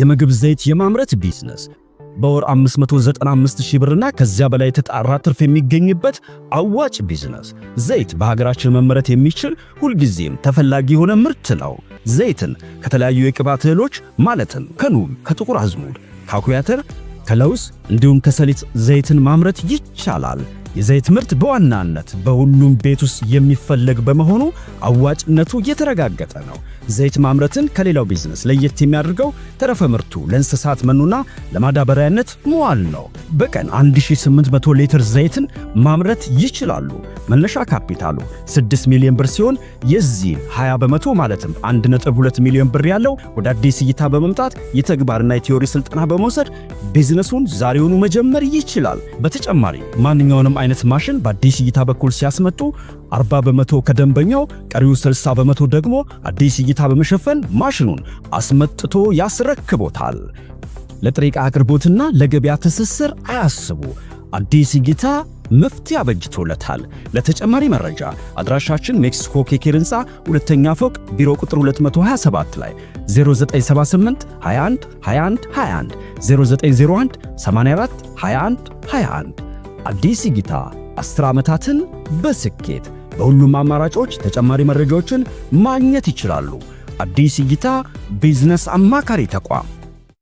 የምግብ ዘይት የማምረት ቢዝነስ በወር 595 ብርና ከዚያ በላይ የተጣራ ትርፍ የሚገኝበት አዋጭ ቢዝነስ። ዘይት በሀገራችን መመረት የሚችል ሁልጊዜም ተፈላጊ የሆነ ምርት ነው። ዘይትን ከተለያዩ የቅባት እህሎች ማለትም ከኑግ፣ ከጥቁር አዝሙድ፣ ከአኩሪ አተር፣ ከለውዝ እንዲሁም ከሰሊጥ ዘይትን ማምረት ይቻላል። የዘይት ምርት በዋናነት በሁሉም ቤት ውስጥ የሚፈለግ በመሆኑ አዋጭነቱ የተረጋገጠ ነው። ዘይት ማምረትን ከሌላው ቢዝነስ ለየት የሚያደርገው ተረፈ ምርቱ ለእንስሳት መኖና ለማዳበሪያነት መዋል ነው። በቀን 1800 ሊትር ዘይትን ማምረት ይችላሉ። መነሻ ካፒታሉ 6 ሚሊዮን ብር ሲሆን የዚህ 20 በመቶ ማለትም 1.2 ሚሊዮን ብር ያለው ወደ አዲስ እይታ በመምጣት የተግባርና የቲዮሪ ስልጠና በመውሰድ ቢዝነሱን ዛሬውኑ መጀመር ይችላል። በተጨማሪ ማንኛውንም አይነት ማሽን በአዲስ እይታ በኩል ሲያስመጡ 40 በመቶ ከደንበኛው ቀሪው 60 በመቶ ደግሞ አዲስ እይታ በመሸፈን ማሽኑን አስመጥቶ ያስረክቦታል። ለጥሬ ዕቃ አቅርቦትና ለገበያ ትስስር አያስቡ። አዲስ እይታ መፍትሄ አበጅቶለታል። ለተጨማሪ መረጃ አድራሻችን ሜክሲኮ ኬኬር ህንፃ ሁለተኛ ፎቅ ቢሮ ቁጥር 227 ላይ 0978 21 21 21 0901 84 21 21 አዲስ እይታ 10 ዓመታትን በስኬት በሁሉም አማራጮች ተጨማሪ መረጃዎችን ማግኘት ይችላሉ። አዲስ እይታ ቢዝነስ አማካሪ ተቋም